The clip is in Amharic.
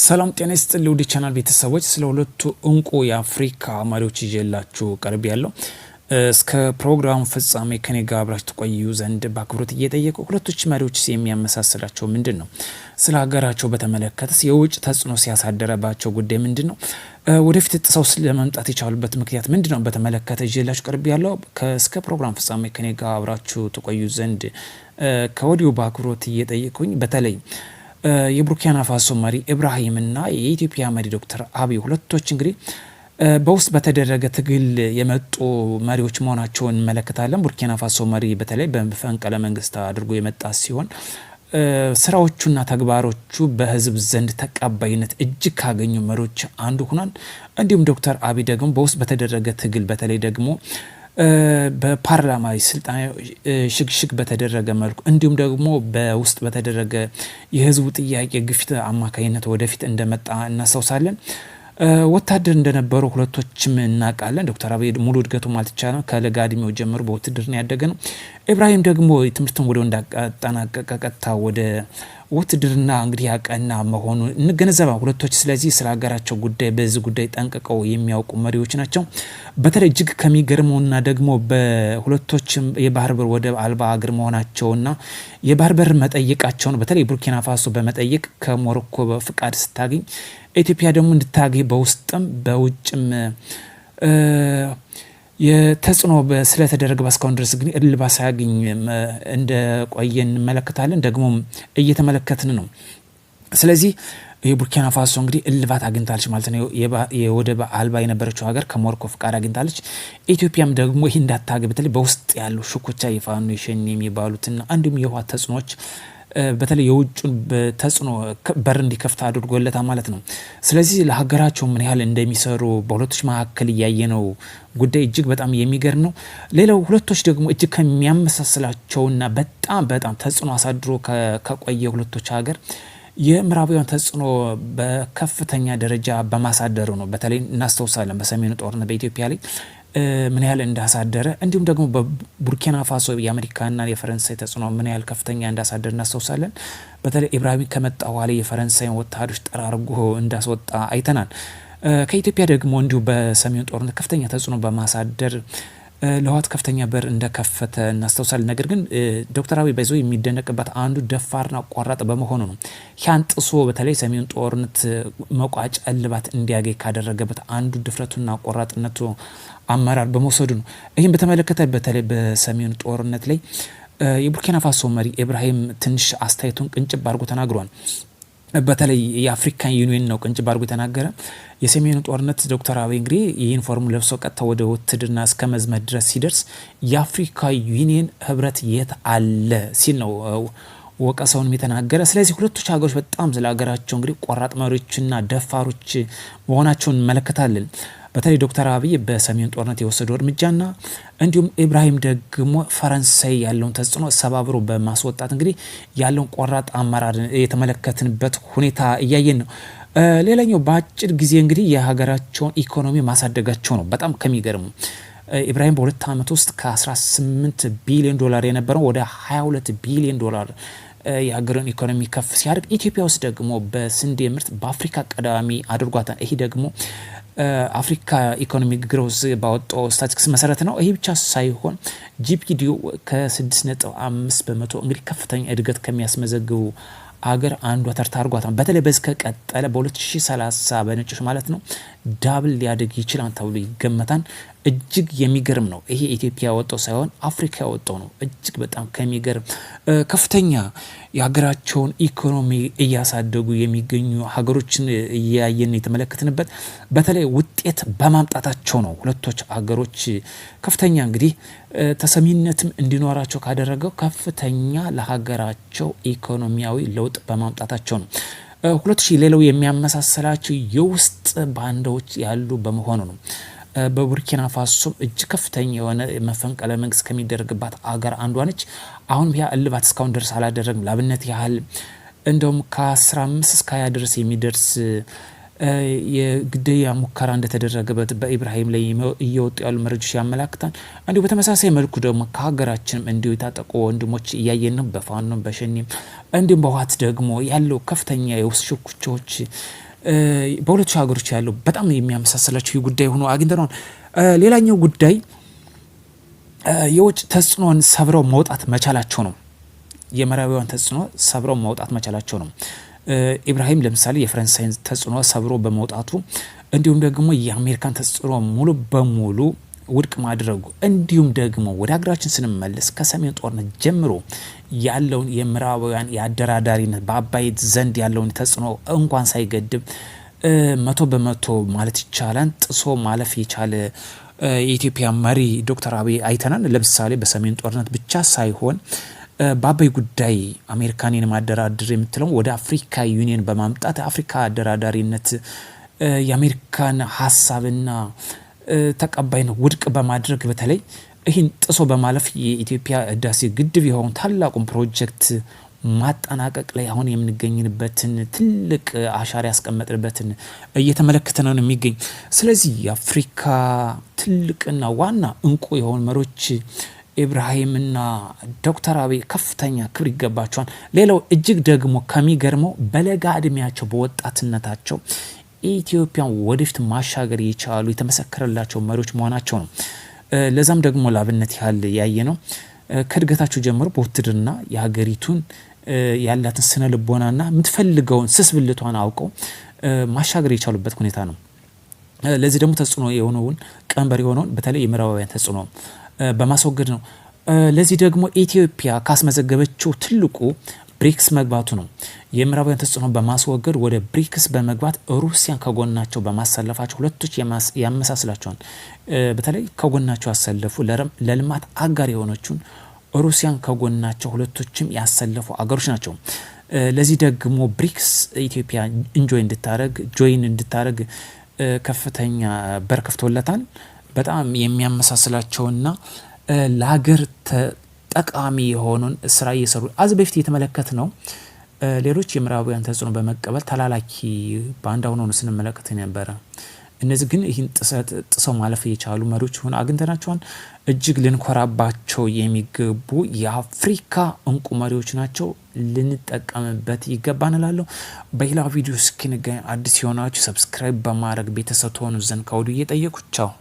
ሰላም ጤና ይስጥልኝ ልውድ ቻናል ቤተሰቦች፣ ስለ ሁለቱ እንቁ የአፍሪካ መሪዎች ይዤላችሁ ቀርብ ያለው እስከ ፕሮግራሙ ፍጻሜ ከኔ ጋር አብራችሁ ተቆዩ ዘንድ በአክብሮት እየጠየቁ ሁለቶች መሪዎች የሚያመሳስላቸው ምንድን ነው? ስለ ሀገራቸው በተመለከተስ የውጭ ተጽዕኖ ሲያሳደረባቸው ጉዳይ ምንድን ነው? ወደፊት ጥሰው ለመምጣት የቻሉበት ምክንያት ምንድን ነው? በተመለከተ ይዤላችሁ ቅርብ ያለው እስከ ፕሮግራም ፍጻሜ ከኔ ጋር አብራችሁ ተቆዩ ዘንድ ከወዲሁ በአክብሮት እየጠየቁኝ በተለይ የቡርኪና ፋሶ መሪ ኢብራሂምና የኢትዮጵያ መሪ ዶክተር አብይ ሁለቶች እንግዲህ በውስጥ በተደረገ ትግል የመጡ መሪዎች መሆናቸውን እንመለከታለን። ቡርኪና ፋሶ መሪ በተለይ በመፈንቅለ መንግስት አድርጎ የመጣ ሲሆን ስራዎቹና ተግባሮቹ በህዝብ ዘንድ ተቀባይነት እጅግ ካገኙ መሪዎች አንዱ ሆኗል። እንዲሁም ዶክተር አብይ ደግሞ በውስጥ በተደረገ ትግል በተለይ ደግሞ በፓርላማ ስልጣን ሽግሽግ በተደረገ መልኩ እንዲሁም ደግሞ በውስጥ በተደረገ የህዝቡ ጥያቄ ግፊት አማካኝነት ወደፊት እንደመጣ እናስታውሳለን። ወታደር እንደነበሩ ሁለቶችም እናውቃለን። ዶክተር አብይ ሙሉ እድገቱ ማለት ይቻላል ከለጋ እድሜው ጀምሮ በውትድርና ያደገ ነው። ኢብራሂም ደግሞ ትምህርትን ወደ እንዳጠናቀቀ ቀጥታ ወደ ውትድርና እንግዲህ ያቀና መሆኑ እንገነዘባ ሁለቶች። ስለዚህ ስለ ሀገራቸው ጉዳይ በዚህ ጉዳይ ጠንቅቀው የሚያውቁ መሪዎች ናቸው። በተለይ እጅግ ከሚገርመውና ደግሞ በሁለቶችም የባህር በር ወደብ አልባ ሀገር መሆናቸውና የባህር በር መጠየቃቸውን በተለይ ቡርኪና ፋሶ በመጠየቅ ከሞሮኮ ፍቃድ ስታገኝ ኢትዮጵያ ደግሞ እንድታገኝ በውስጥም በውጭም የተጽዕኖ ስለተደረገ እስካሁን ድረስ ግን እልባ ሳያገኝ እንደቆየ እንመለከታለን። ደግሞ እየተመለከትን ነው። ስለዚህ የቡርኪና ፋሶ እንግዲህ እልባት አግኝታለች ማለት ነው። የወደብ አልባ የነበረችው ሀገር ከሞሮኮ ፍቃድ አግኝታለች። ኢትዮጵያም ደግሞ ይህ እንዳታገ በተለይ በውስጥ ያሉ ሽኩቻ የፋኖ የሸኔ የሚባሉትና አንዲሁም የውሃ ተጽዕኖዎች በተለይ የውጭን ተጽዕኖ በር እንዲከፍት አድርጎለታል ማለት ነው። ስለዚህ ለሀገራቸው ምን ያህል እንደሚሰሩ በሁለቶች መካከል እያየ ነው ጉዳይ እጅግ በጣም የሚገርም ነው። ሌላው ሁለቶች ደግሞ እጅግ ከሚያመሳስላቸውና በጣም በጣም ተጽዕኖ አሳድሮ ከቆየ ሁለቶች ሀገር የምዕራባውያን ተጽዕኖ በከፍተኛ ደረጃ በማሳደሩ ነው። በተለይ እናስታውሳለን በሰሜኑ ጦርነት በኢትዮጵያ ላይ ምን ያህል እንዳሳደረ እንዲሁም ደግሞ በቡርኪና ፋሶ የአሜሪካና የፈረንሳይ ተጽዕኖ ምን ያህል ከፍተኛ እንዳሳደር እናስታውሳለን። በተለይ ኢብራሂም ከመጣ በኋላ የፈረንሳይን ወታደሮች ጠራርጎ እንዳስወጣ አይተናል። ከኢትዮጵያ ደግሞ እንዲሁ በሰሜን ጦርነት ከፍተኛ ተጽዕኖ በማሳደር ለህወሓት ከፍተኛ በር እንደከፈተ እናስታውሳለን። ነገር ግን ዶክተር አብይ በይዞ የሚደነቅበት አንዱ ደፋርና ቆራጥ በመሆኑ ነው። ያን ጥሶ በተለይ ሰሜን ጦርነት መቋጫ እልባት እንዲያገኝ ካደረገበት አንዱ ድፍረቱና ቆራጥነቱ አመራር በመውሰዱ ነው። ይህም በተመለከተ በተለይ በሰሜኑ ጦርነት ላይ የቡርኪና ፋሶ መሪ ኢብራሂም ትንሽ አስተያየቱን ቅንጭብ አድርጎ ተናግሯል። በተለይ የአፍሪካን ዩኒየን ነው ቅንጭ አድርጎ የተናገረ የሰሜኑ ጦርነት ዶክተር አብይ እንግዲህ ዩኒፎርም ለብሶ ቀጥታ ወደ ውትድርና እስከ መዝመት ድረስ ሲደርስ የአፍሪካ ዩኒየን ህብረት የት አለ ሲል ነው ወቀሰውንም የተናገረ። ስለዚህ ሁለቶች ሀገሮች በጣም ስለ ሀገራቸው እንግዲህ ቆራጥ መሪዎችና ደፋሮች መሆናቸውን እንመለከታለን። በተለይ ዶክተር አብይ በሰሜን ጦርነት የወሰደው እርምጃና እንዲሁም ኢብራሂም ደግሞ ፈረንሳይ ያለውን ተጽዕኖ ሰባብሮ በማስወጣት እንግዲህ ያለውን ቆራጥ አመራር የተመለከትንበት ሁኔታ እያየን ነው። ሌላኛው በአጭር ጊዜ እንግዲህ የሀገራቸውን ኢኮኖሚ ማሳደጋቸው ነው። በጣም ከሚገርሙ ኢብራሂም በሁለት ዓመት ውስጥ ከ18 ቢሊዮን ዶላር የነበረው ወደ 22 ቢሊዮን ዶላር የሀገርን ኢኮኖሚ ከፍ ሲያደርግ ኢትዮጵያ ውስጥ ደግሞ በስንዴ ምርት በአፍሪካ ቀዳሚ አድርጓታል። ይሄ ደግሞ አፍሪካ ኢኮኖሚክ ግሮዝ ባወጣው ስታቲክስ መሰረት ነው። ይሄ ብቻ ሳይሆን ጂፒዲ ከ 5 በመቶ እንግዲህ ከፍተኛ እድገት ከሚያስመዘግቡ አገር አንዷ ተርታ አድርጓት በተለይ በዚህ ከቀጠለ በ2030 በነጮች ማለት ነው ዳብል ሊያደግ ይችላል ተብሎ ይገመታል። እጅግ የሚገርም ነው። ይሄ ኢትዮጵያ ያወጣው ሳይሆን አፍሪካ ያወጣው ነው። እጅግ በጣም ከሚገርም ከፍተኛ የሀገራቸውን ኢኮኖሚ እያሳደጉ የሚገኙ ሀገሮችን እያየን የተመለከትንበት በተለይ ውጤት በማምጣታቸው ነው። ሁለቶች ሀገሮች ከፍተኛ እንግዲህ ተሰሚነትም እንዲኖራቸው ካደረገው ከፍተኛ ለሀገራቸው ኢኮኖሚያዊ ለውጥ በማምጣታቸው ነው። ሁለት ሺህ ሌላው የሚያመሳሰላቸው የውስጥ ባንዳዎች ያሉ በመሆኑ ነው። በቡርኪና ፋሶም እጅግ ከፍተኛ የሆነ መፈንቅለ መንግስት ከሚደረግባት አገር አንዷ ነች። አሁን ያ እልባት እስካሁን ድረስ አላደረግም። ለአብነት ያህል እንደውም ከ15 እስከ 20 ድረስ የሚደርስ የግድያ ሙከራ እንደተደረገበት በኢብራሂም ላይ እየወጡ ያሉ መረጃዎች ያመላክታል። እንዲሁ በተመሳሳይ መልኩ ደግሞ ከሀገራችንም እንዲሁ የታጠቁ ወንድሞች እያየን ነው። በፋኖም በሸኒም እንዲሁም በህወሓት ደግሞ ያለው ከፍተኛ የውስጥ ሽኩቻዎች በሁለቱ ሀገሮች ያለው በጣም የሚያመሳሰላቸው ጉዳይ ሆኖ አግኝተነዋል። ሌላኛው ጉዳይ የውጭ ተጽዕኖን ሰብረው መውጣት መቻላቸው ነው። የምዕራባውያን ተጽዕኖ ሰብረው መውጣት መቻላቸው ነው። ኢብራሂም ለምሳሌ የፈረንሳይን ተጽዕኖ ሰብሮ በመውጣቱ እንዲሁም ደግሞ የአሜሪካን ተጽዕኖ ሙሉ በሙሉ ውድቅ ማድረጉ እንዲሁም ደግሞ ወደ ሀገራችን ስንመለስ ከሰሜን ጦርነት ጀምሮ ያለውን የምዕራባውያን የአደራዳሪነት በአባይ ዘንድ ያለውን ተጽዕኖ እንኳን ሳይገድብ መቶ በመቶ ማለት ይቻላል ጥሶ ማለፍ የቻለ የኢትዮጵያ መሪ ዶክተር አብይ አይተናል። ለምሳሌ በሰሜን ጦርነት ብቻ ሳይሆን በአባይ ጉዳይ አሜሪካንን ማደራድር የምትለው ወደ አፍሪካ ዩኒየን በማምጣት አፍሪካ አደራዳሪነት የአሜሪካን ሀሳብና ተቀባይነት ውድቅ በማድረግ በተለይ ይህን ጥሶ በማለፍ የኢትዮጵያ ህዳሴ ግድብ የሆነው ታላቁን ፕሮጀክት ማጠናቀቅ ላይ አሁን የምንገኝንበትን ትልቅ አሻራ ያስቀመጥንበትን እየተመለከተ ነው የሚገኝ። ስለዚህ የአፍሪካ ትልቅና ዋና እንቁ የሆኑ መሪዎች ኢብራሂምና ዶክተር አብይ ከፍተኛ ክብር ይገባቸዋል። ሌላው እጅግ ደግሞ ከሚገርመው በለጋ እድሜያቸው በወጣትነታቸው ኢትዮጵያን ወደፊት ማሻገር የቻሉ የተመሰከረላቸው መሪዎች መሆናቸው ነው። ለዛም ደግሞ ላብነት ያህል ያየ ነው ከእድገታቸው ጀምሮ በውትድርና የሀገሪቱን ያላትን ስነ ልቦናና የምትፈልገውን ስስ ብልቷን አውቀው ማሻገር የቻሉበት ሁኔታ ነው። ለዚህ ደግሞ ተጽዕኖ የሆነውን ቀንበር የሆነውን በተለይ የምዕራባውያን ተጽዕኖ በማስወገድ ነው። ለዚህ ደግሞ ኢትዮጵያ ካስመዘገበችው ትልቁ ብሪክስ መግባቱ ነው። የምዕራባውያን ተጽዕኖ በማስወገድ ወደ ብሪክስ በመግባት ሩሲያን ከጎናቸው በማሰለፋቸው ሁለቶች ያመሳስላቸውን በተለይ ከጎናቸው ያሰለፉ ለልማት አጋር የሆነችውን ሩሲያን ከጎናቸው ሁለቶችም ያሰለፉ አገሮች ናቸው። ለዚህ ደግሞ ብሪክስ ኢትዮጵያ እንጆይ እንድታደረግ ጆይን እንድታደረግ ከፍተኛ በር ከፍቶለታል። በጣም የሚያመሳስላቸውና ለሀገር ጠቃሚ የሆኑን ስራ እየሰሩ አዝ በፊት እየተመለከት ነው። ሌሎች የምዕራባውያን ተጽዕኖ በመቀበል ተላላኪ ባንዳ ሆነው ነው ስንመለከት ነበረ። እነዚህ ግን ይህን ጥሰው ማለፍ የቻሉ መሪዎች ሆነ አግኝተናቸዋል። እጅግ ልንኮራባቸው የሚገቡ የአፍሪካ እንቁ መሪዎች ናቸው። ልንጠቀምበት ይገባን እላለሁ። በሌላ ቪዲዮ እስክንገኝ አዲስ የሆናችሁ ሰብስክራይብ በማድረግ ቤተሰብ ትሆኑ ዘንድ ከወዲሁ እየጠየቁ ቻው።